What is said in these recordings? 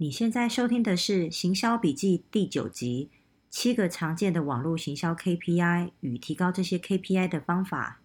你現在收聽的是《行銷筆記》第九集：七個常見的網絡行銷 KPI 與提高這些 KPI 的方法。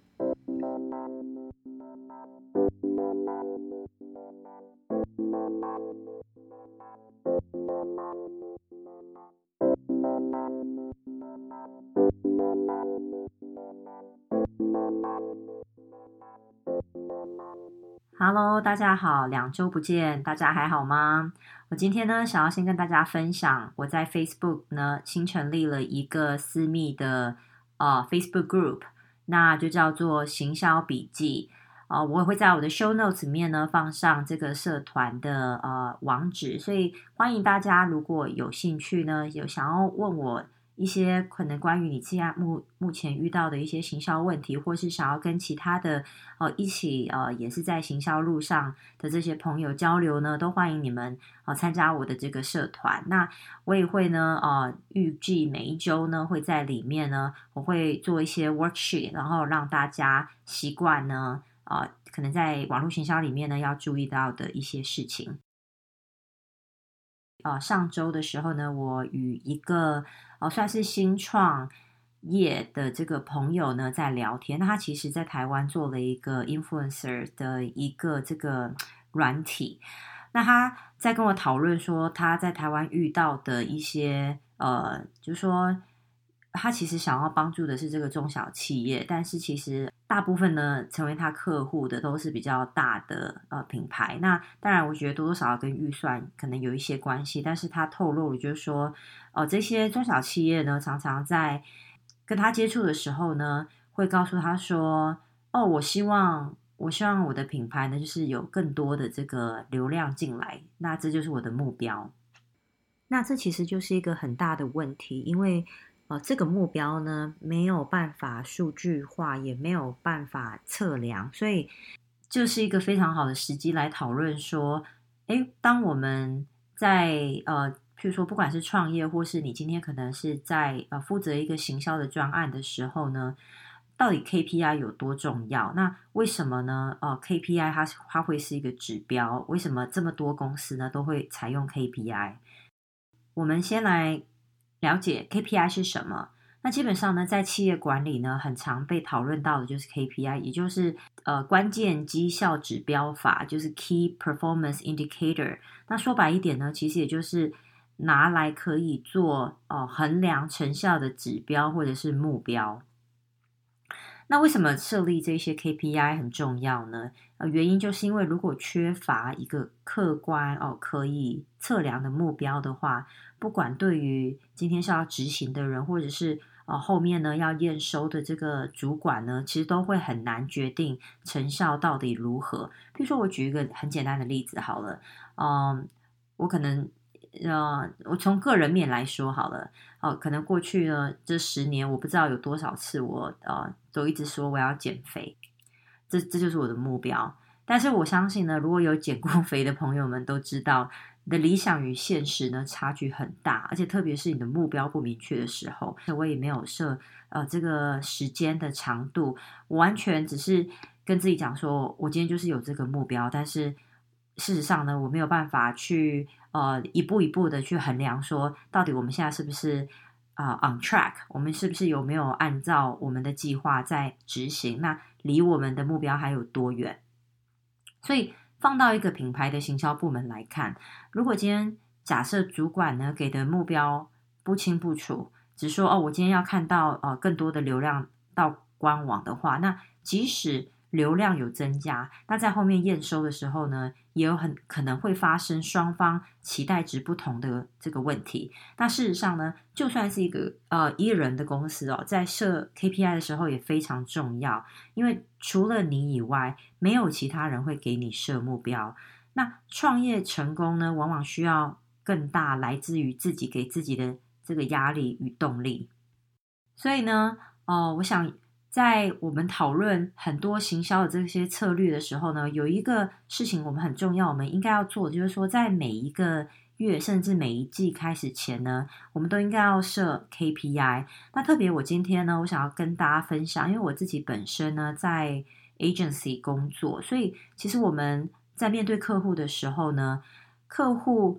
Hello，大家好，兩週不見，大家還好嗎？我今天呢，想要先跟大家分享，我在 Facebook 呢新成立了一個私密的呃 Facebook Group，那就叫做行銷筆記啊、呃。我也會在我的 Show Notes 裡面呢放上這個社團的呃網址，所以歡迎大家如果有興趣呢，有想要問我。一些可能關於你現在目目前遇到的一些行銷問題，或是想要跟其他的呃一起呃也是在行銷路上的這些朋友交流呢，都歡迎你們呃參加我的這個社團。那我也會呢呃預計每一周呢會在裡面呢，我會做一些 workshop，然後讓大家習慣呢啊、呃、可能在網絡行銷裡面呢要注意到的一些事情。啊、呃、上周的時候呢我與一個哦，算是新創業的這個朋友呢，在聊天。那他其實在台灣做了一個 influencer 的一個這個軟體，那他在跟我討論說他在台灣遇到的一些呃，就是說。他其實想要幫助的是這個中小企業，但是其實大部分呢，成為他客戶的都是比較大的呃品牌。那當然，我覺得多多少少跟預算可能有一些關係。但是他透露了，就是說，哦，這些中小企業呢，常常在跟他接觸的時候呢，會告訴他說，哦，我希望，我希望我的品牌呢，就是有更多的這個流量進來，那這就是我的目標。那這其實就是一個很大的問題，因為。哦，這個目標呢，沒有辦法數據化，也沒有辦法測量，所以就是一個非常好的時機來討論說，誒，當我們在呃，譬如說，不管是創業，或是你今天可能是在呃負責一個行銷的專案的時候呢，到底 KPI 有多重要？那為什麼呢？哦，呃，KPI 它它會是一個指標，為什麼這麼多公司呢都會採用 KPI？我們先來。了解 KPI 是什麼？那基本上呢，在企業管理呢，很常被討論到的就是 KPI，也就是呃關鍵績效指標法，就是 Key Performance Indicator。那說白一點呢，其實也就是拿來可以做哦、呃、衡量成效的指標或者是目標。那為什麼設立這些 KPI 很重要呢？呃、原因就是因為如果缺乏一個客觀哦、呃、可以測量的目標的話，不管對於今天是要執行的人，或者是呃後面呢要驗收的這個主管呢，其實都會很難決定成效到底如何。比如說，我舉一個很簡單的例子好了，嗯、呃，我可能呃，我從個人面來說好了，哦、呃，可能過去呢這十年，我不知道有多少次我呃都一直說我要減肥。這這就是我的目標，但是我相信呢，如果有減過肥的朋友們都知道，你的理想與現實呢差距很大，而且特別是你的目標不明確的時候，我也沒有設呃這個時間的長度，我完全只是跟自己講說，我今天就是有這個目標，但是事實上呢，我沒有辦法去呃一步一步的去衡量說，到底我們現在是不是啊、呃、on track，我們是不是有沒有按照我們的計劃在執行那？離我們的目標還有多遠？所以放到一個品牌的行銷部門來看，如果今天假設主管呢給的目標不清不楚，只說哦，我今天要看到呃更多的流量到官網的話，那即使，流量有增加，那在後面驗收的時候呢，也有很可能會發生雙方期待值不同的這個問題。那事實上呢，就算是一個呃一人的公司哦，在設 KPI 的時候也非常重要，因為除了你以外，沒有其他人會給你設目標。那創業成功呢，往往需要更大來自於自己給自己的這個壓力與動力。所以呢，哦、呃，我想。在我們討論很多行銷的這些策略的時候呢，有一個事情我們很重要，我們應該要做，就是說在每一個月甚至每一季開始前呢，我們都應該要設 KPI。那特別我今天呢，我想要跟大家分享，因為我自己本身呢，在 agency 工作，所以其實我們在面對客戶的時候呢，客戶。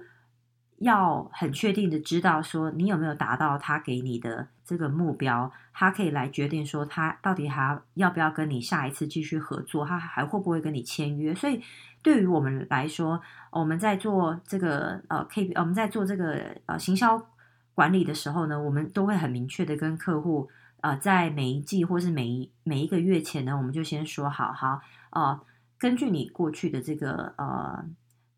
要很確定的知道說，你有沒有達到他給你的這個目標，他可以來決定說，他到底還要不要跟你下一次繼續合作，他還會不會跟你簽約。所以，對於我們來說，我們在做這個呃 K，我們在做這個呃行銷管理的時候呢，我們都會很明確的跟客戶呃在每一季或是每一每一個月前呢，我們就先說好，好呃根據你過去的這個呃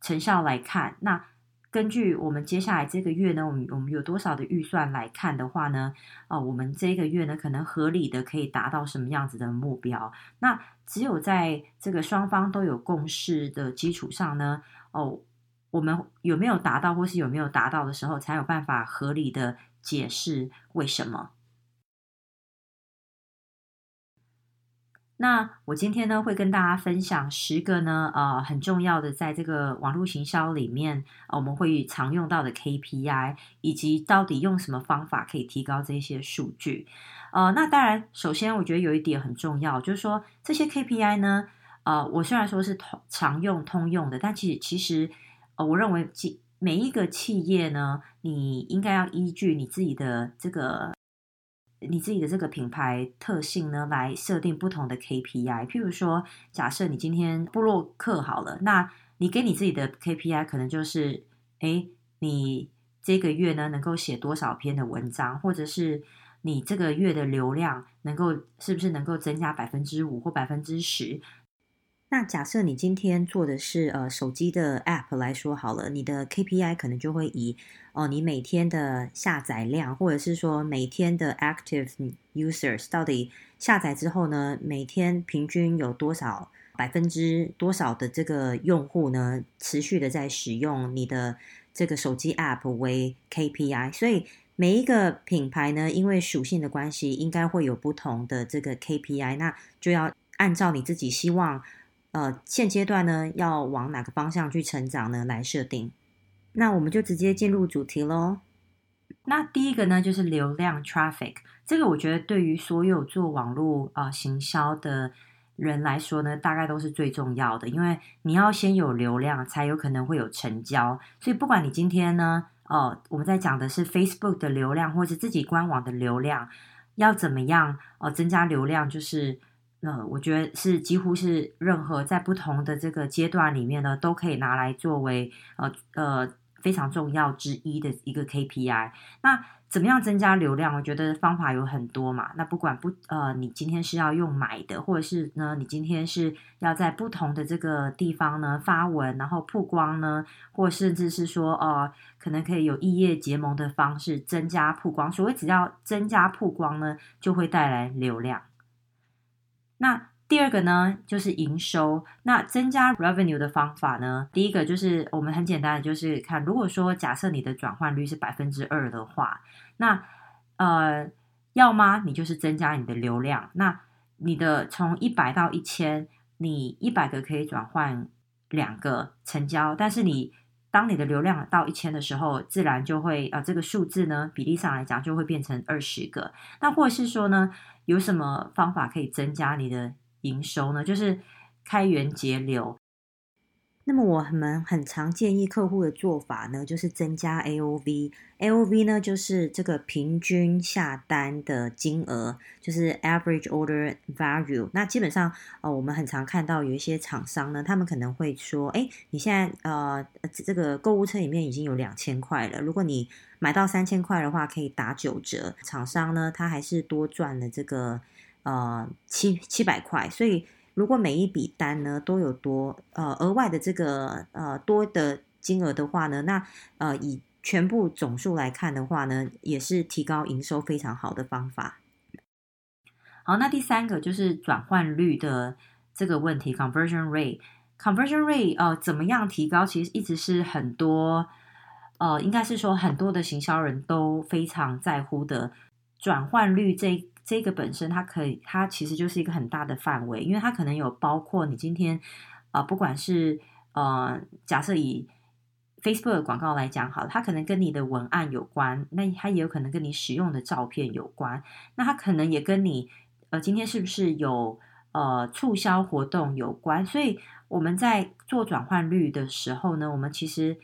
成效來看，那。根據我們接下來這個月呢，我們我們有多少的預算來看的話呢，哦，我們這個月呢，可能合理的可以達到什麼樣子的目標？那只有在這個雙方都有共識的基礎上呢，哦，我們有沒有達到，或是有沒有達到的時候，才有辦法合理的解釋為什麼。那我今天呢，會跟大家分享十個呢，呃，很重要的，在這個網絡行銷裡面，呃，我們會常用到的 KPI，以及到底用什麼方法可以提高這些數據。呃，那當然，首先我覺得有一點很重要，就是說這些 KPI 呢，呃，我雖然說是通常用、通用的，但其實其實，呃，我認為每每一個企業呢，你應該要依據你自己的這個。你自己的這個品牌特性呢，來設定不同的 KPI。譬如說，假設你今天部落客好了，那你給你自己的 KPI 可能就是：哎，你這個月呢能夠寫多少篇的文章，或者是你這個月的流量能夠是不是能夠增加百分之五或百分之十。那假設你今天做的是呃手機的 App 來說好了，你的 KPI 可能就會以哦、呃、你每天的下載量，或者是說每天的 Active Users，到底下載之後呢，每天平均有多少百分之多少的這個用戶呢，持續的在使用你的這個手機 App 為 KPI，所以每一個品牌呢，因為屬性的關係，應該會有不同的這個 KPI，那就要按照你自己希望，呃，現階段呢，要往哪個方向去成長呢？來設定，那我們就直接進入主題嘍。那第一個呢，就是流量 （traffic）。這個我覺得對於所有做網絡啊、呃、行銷的人來說呢，大概都是最重要的，因為你要先有流量，才有可能會有成交。所以不管你今天呢，哦、呃，我們在講的是 Facebook 的流量，或是自己官網的流量，要怎麼樣哦、呃，增加流量就是。那、呃、我覺得是幾乎是任何在不同的這個階段裡面呢，都可以拿來作為呃呃非常重要之一的一個 KPI。那怎麼樣增加流量？我覺得方法有很多嘛。那不管不呃，你今天是要用買的，或者是呢，你今天是要在不同的這個地方呢，發文，然後曝光呢，或甚至是說哦、呃，可能可以有異業結盟的方式增加曝光。所謂只要增加曝光呢，就會帶來流量。那第二個呢，就是營收。那增加 revenue 的方法呢？第一個就是我們很簡單的，就是看，如果說假設你的轉換率是百分之二的話，那呃，要麼你就是增加你的流量。那你的從一百到一千，你一百個可以轉換兩個成交，但是你當你的流量到一千的時候，自然就會啊、呃，這個數字呢，比例上來講就會變成二十個。那或者是說呢？有什麼方法可以增加你的營收呢？就是開源節流。那麼我們很常建議客戶的做法呢，就是增加 AOV。AOV 呢，就是這個平均下單的金額，就是 Average Order Value。那基本上，呃，我們很常看到有一些廠商呢，他們可能會說：“哎，你現在呃這個購物車裡面已經有兩千塊了，如果你買到三千塊的話，可以打九折。”廠商呢，他還是多賺了這個呃七七百塊，所以。如果每一筆單呢都有多呃額外的這個呃多的金額的話呢，那呃以全部總數來看的話呢，也是提高營收非常好的方法。好，那第三個就是轉換率的這個問題，conversion rate，conversion rate 呃怎麼樣提高？其實一直是很多呃，應該是說很多的行銷人都非常在乎的轉換率這。這個本身，它可以，它其實就是一個很大的範圍，因為它可能有包括你今天，啊、呃，不管是呃，假設以 Facebook 的廣告來講好，它可能跟你的文案有關，那它也有可能跟你使用的照片有關，那它可能也跟你，呃，今天是不是有呃促銷活動有關，所以我們在做轉換率的時候呢，我們其實。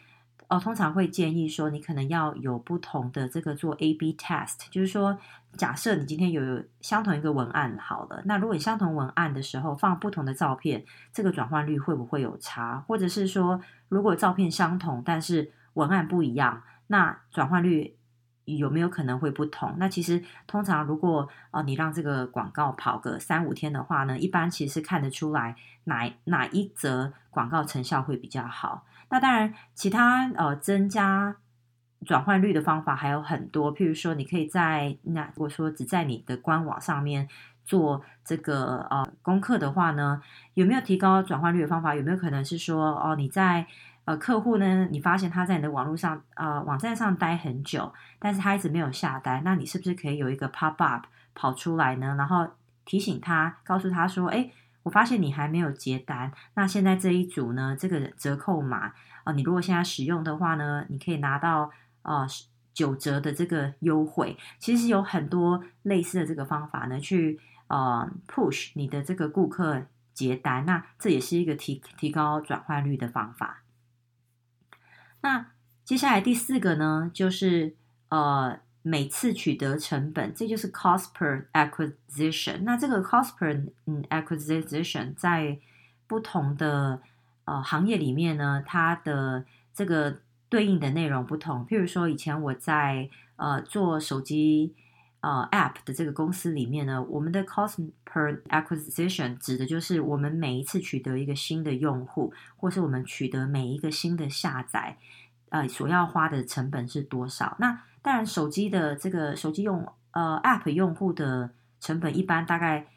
哦，通常會建議說，你可能要有不同的這個做 A/B test，就是說，假設你今天有相同一個文案好了，那如果你相同文案的時候放不同的照片，這個轉換率會不會有差？或者是說，如果照片相同，但是文案不一樣，那轉換率有沒有可能會不同？那其實通常如果哦，你讓這個廣告跑個三五天的話呢，一般其實看得出來哪哪一則廣告成效會比較好。那當然，其他呃增加轉換率的方法還有很多。譬如說，你可以在那如果說只在你的官網上面做這個呃功課的話呢，有沒有提高轉換率的方法？有沒有可能是說，哦，你在呃客戶呢，你發現他在你的網絡上呃網站上待很久，但是他一直沒有下單，那你是不是可以有一個 pop up 跑出來呢？然後提醒他，告訴他說，哎。我發現你還沒有結單，那現在這一組呢，這個折扣碼啊、呃，你如果現在使用的話呢，你可以拿到啊、呃、九折的這個優惠。其實有很多類似的這個方法呢，去啊、呃、push 你的這個顧客結單，那這也是一個提提高轉換率的方法。那接下來第四個呢，就是呃。每次取得成本，這就是 cost per acquisition。那這個 cost per acquisition 在不同的呃行業裡面呢，它的這個對應的內容不同。譬如說，以前我在呃做手機呃 app 的這個公司裡面呢，我們的 cost per acquisition 指的就是我們每一次取得一個新的用戶，或是我們取得每一個新的下載，呃，所要花的成本是多少？那當然，手機的這個手機用呃 App 用戶的成本一般大概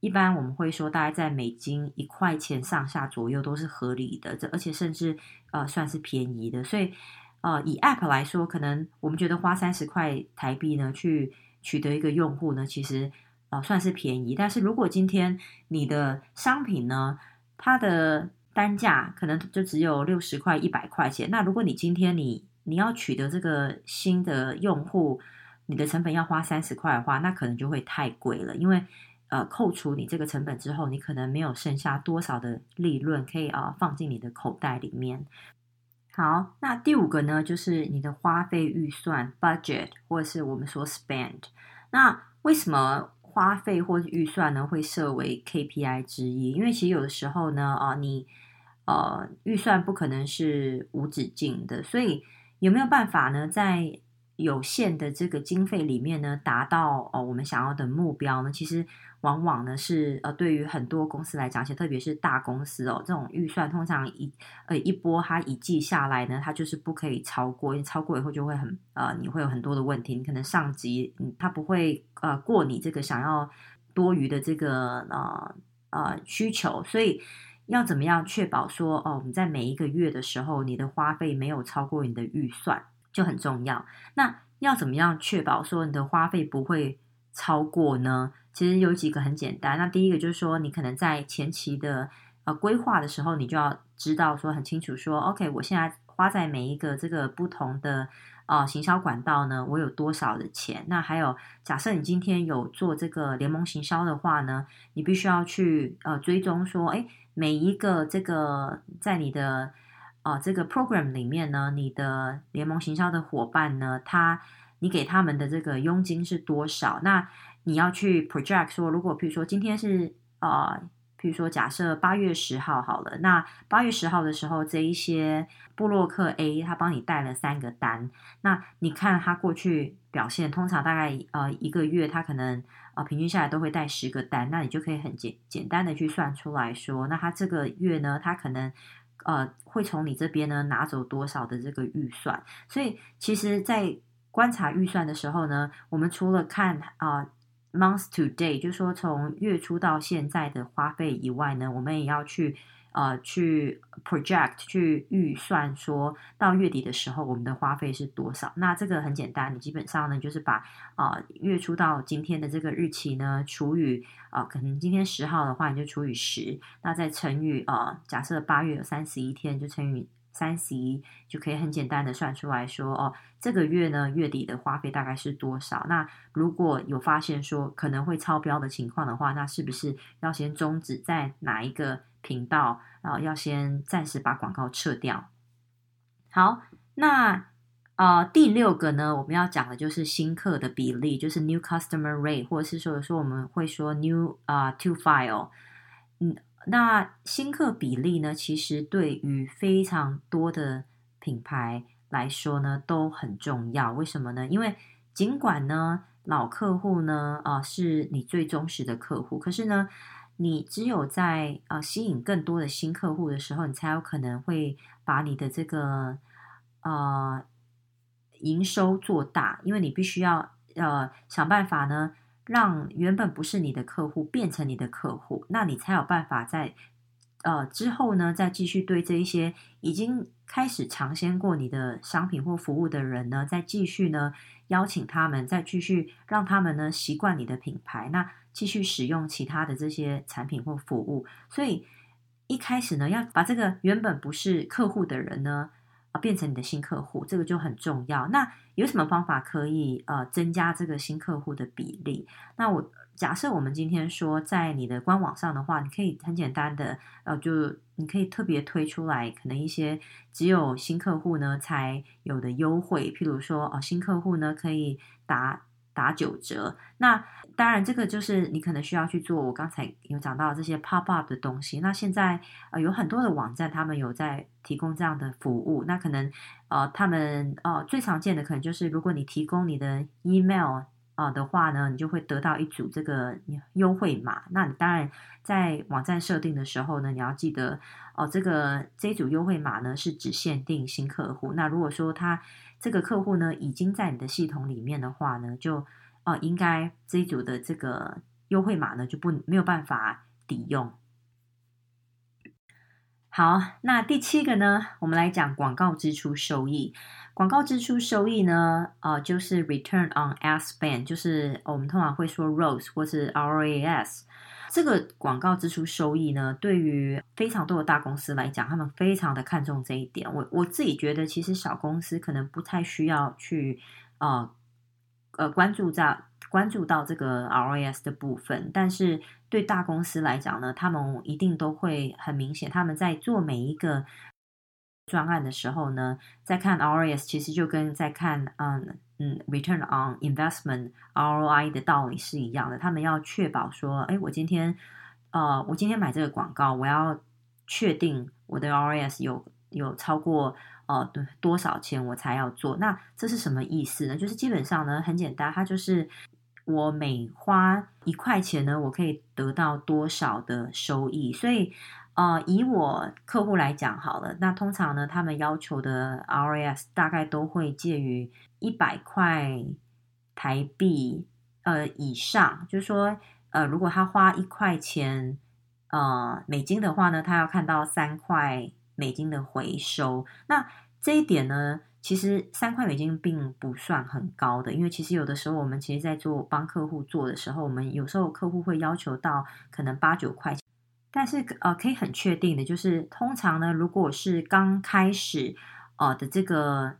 一般我們會說大概在美金一塊錢上下左右都是合理的，這而且甚至呃算是便宜的。所以呃以 App 來說，可能我們覺得花三十塊台幣呢去取得一個用戶呢，其實呃算是便宜。但是如果今天你的商品呢，它的單價可能就只有六十塊一百塊錢，那如果你今天你。你要取得這個新的用戶，你的成本要花三十塊的話，那可能就會太貴了，因為呃，扣除你這個成本之後，你可能沒有剩下多少的利潤可以啊、呃、放進你的口袋裡面。好，那第五個呢，就是你的花費預算 （budget） 或是我們說 spend。那為什麼花費或者預算呢會設為 KPI 之一？因為其實有的時候呢啊、呃，你呃預算不可能是無止境的，所以。有沒有辦法呢？在有限的這個經費裡面呢，達到哦我們想要的目標呢？其實往往呢是呃，對於很多公司來講，而且特別是大公司哦，這種預算通常一呃一波它一季下來呢，它就是不可以超過，因為超過以後就會很呃，你會有很多的問題，你可能上級嗯他不會呃過你這個想要多餘的這個呃呃需求，所以。要怎麼樣確保說哦，你在每一個月的時候，你的花費沒有超過你的預算，就很重要。那要怎麼樣確保說你的花費不會超過呢？其實有幾個很簡單。那第一個就是說，你可能在前期的，呃，規劃的時候，你就要知道說，很清楚說，OK，我現在花在每一個這個不同的。啊、呃，行銷管道呢？我有多少的錢？那還有，假設你今天有做這個聯盟行銷的話呢，你必須要去呃追蹤說，哎，每一個這個在你的啊、呃、這個 program 裡面呢，你的聯盟行銷的夥伴呢，他你給他們的這個佣金是多少？那你要去 project 說，如果比如說今天是啊。呃比如說，假設八月十號好了，那八月十號的時候，這一些部落客 A 他幫你帶了三個單，那你看他過去表現，通常大概呃一個月，他可能呃平均下來都會帶十個單，那你就可以很簡簡單的去算出來說，那他這個月呢，他可能呃會從你這邊呢拿走多少的這個預算，所以其實，在觀察預算的時候呢，我們除了看啊。呃 month to date 就是說從月初到現在的花費以外呢，我們也要去呃去 project 去預算，說到月底的時候我們的花費是多少？那這個很簡單，你基本上呢就是把啊、呃、月初到今天的這個日期呢除以啊、呃，可能今天十號的話你就除以十，那再乘以啊、呃，假設八月有三十一天就乘以。三十一就可以很簡單的算出來說，哦，這個月呢月底的花費大概是多少？那如果有發現說可能會超標的情況的話，那是不是要先終止在哪一個頻道啊？哦，要先暫時把廣告撤掉？好，那呃第六個呢，我們要講的就是新客的比例，就是 New Customer Rate，或者是說說我們會說 new 啊、uh, to file，嗯。那新客比例呢？其實對於非常多的品牌來說呢，都很重要。為什麼呢？因為儘管呢，老客戶呢，啊、呃，是你最忠實的客戶，可是呢，你只有在啊、呃、吸引更多的新客戶的時候，你才有可能會把你的這個呃營收做大。因為你必須要呃想辦法呢。讓原本不是你的客戶變成你的客戶，那你才有辦法在呃之後呢，再繼續對這一些已經開始嘗鮮過你的商品或服務的人呢，再繼續呢邀請他們，再繼續讓他們呢習慣你的品牌，那繼續使用其他的這些產品或服務。所以一開始呢，要把這個原本不是客戶的人呢。變成你的新客戶，這個就很重要。那有什麼方法可以呃增加這個新客戶的比例？那我假設我們今天說在你的官網上的話，你可以很簡單的呃，就你可以特別推出來，可能一些只有新客戶呢才有的優惠，譬如說哦、呃，新客戶呢可以打。打九折，那當然這個就是你可能需要去做。我剛才有講到這些 pop up 的東西，那現在呃有很多的網站他們有在提供這樣的服務，那可能呃他們呃，最常見的可能就是如果你提供你的 email。啊的話呢，你就會得到一組這個優惠碼。那你當然，在網站設定的時候呢，你要記得哦，這個這一組優惠碼呢是只限定新客戶。那如果說他這個客戶呢已經在你的系統裡面的話呢，就哦應該這一組的這個優惠碼呢就不沒有辦法抵用。好，那第七個呢？我們來講廣告支出收益。廣告支出收益呢，呃，就是 return on ad spend，就是、哦、我們通常會說 ROAS 或是 RAS。這個廣告支出收益呢，對於非常多的大公司來講，他們非常的看重這一點。我我自己覺得，其實小公司可能不太需要去呃呃，關注在。關注到這個 ROAS 的部分，但是對大公司來講呢，他們一定都會很明顯，他們在做每一個專案的時候呢，在看 ROAS，其實就跟在看嗯嗯 Return on Investment ROI 的道理是一樣的。他們要確保說，誒我今天呃，我今天買這個廣告，我要確定我的 ROAS 有有超過、呃、多少錢我才要做。那這是什麼意思呢？就是基本上呢，很簡單，它就是。我每花一塊錢呢，我可以得到多少的收益？所以，呃，以我客戶來講好了，那通常呢，他們要求的 ROAS 大概都會介於一百塊台幣呃以上，就是說，呃，如果他花一塊錢呃美金的話呢，他要看到三塊美金的回收。那這一點呢，其實三塊美金並不算很高的，因為其實有的時候我們其實，在做幫客戶做的時候，我們有時候客戶會要求到可能八九塊錢，但是呃，可以很確定的就是，通常呢，如果是剛開始，呃的這個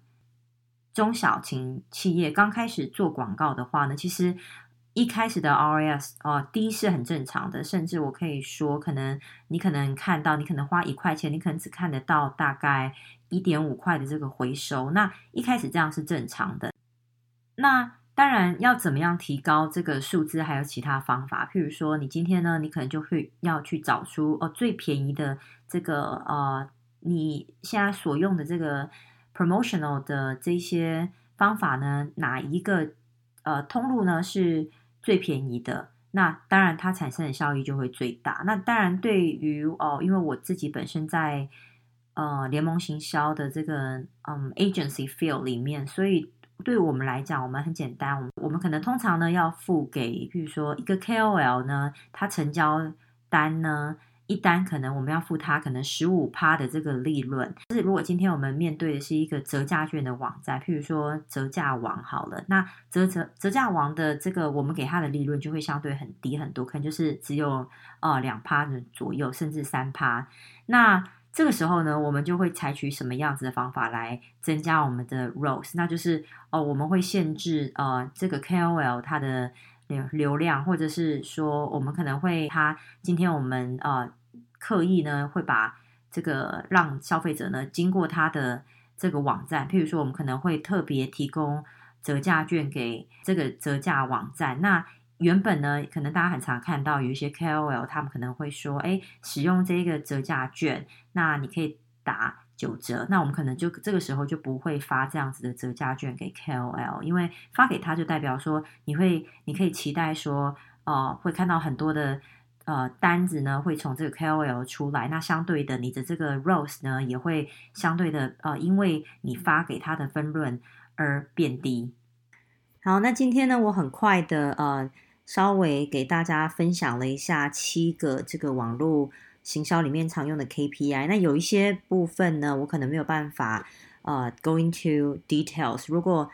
中小型企業剛開始做廣告的話呢，其實。一開始的 ROAS 哦，低是很正常的，甚至我可以說，可能你可能看到，你可能花一塊錢，你可能只看得到大概一點五塊的這個回收。那一開始這樣是正常的。那當然要怎麼樣提高這個數字，還有其他方法，譬如說，你今天呢，你可能就會要去找出哦、呃、最便宜的這個呃你現在所用的這個 promotional 的這些方法呢，哪一個呃通路呢是。最便宜的，那當然它產生的效益就會最大。那當然，對於哦，因為我自己本身在呃聯盟行銷的這個嗯 agency field 裡面，所以對我們來講，我們很簡單，我們我們可能通常呢要付給，比如說一個 KOL 呢，他成交單呢。一單可能我們要付他可能十五趴的這個利潤，就是如果今天我們面對的是一個折價券的網站，譬如說折價王好了，那折折折價王的這個我們給他的利潤就會相對很低很多，可能就是只有呃兩趴的左右，甚至三趴。那這個時候呢，我們就會採取什麼樣子的方法來增加我們的 ROAS？那就是哦、呃，我們會限制呃這個 KOL 他的。流流量，或者是說，我們可能會，他今天我們呃刻意呢會把這個讓消費者呢經過他的這個網站，譬如說，我們可能會特別提供折價券給這個折價網站。那原本呢，可能大家很常看到有一些 KOL，他們可能會說，哎，使用這個折價券，那你可以打。九折，那我們可能就這個時候就不會發這樣子的折價券給 KOL，因為發給他就代表說你會，你可以期待說，哦、呃，會看到很多的呃單子呢會從這個 KOL 出來，那相對的你的這個 ROAS 呢也會相對的呃，因為你發給他的分潤而變低。好，那今天呢我很快的呃稍微給大家分享了一下七個這個網路行銷裡面常用的 KPI，那有一些部分呢，我可能沒有辦法，呃，go into details。如果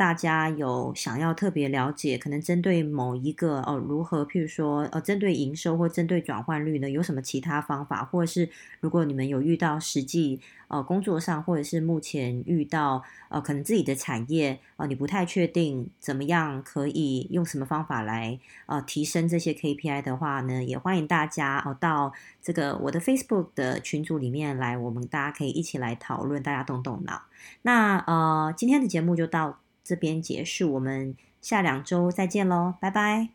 大家有想要特別了解，可能針對某一個哦、呃，如何，譬如說，呃，針對營收或針對轉換率呢？有什麼其他方法，或者是如果你們有遇到實際呃工作上，或者是目前遇到呃可能自己的產業哦、呃，你不太確定怎麼樣可以用什麼方法來呃提升這些 KPI 的話呢？也歡迎大家哦、呃，到這個我的 Facebook 的群組裡面來，我們大家可以一起來討論，大家動動腦。那呃，今天的節目就到這邊結束，我們下兩周再見嘍，拜拜。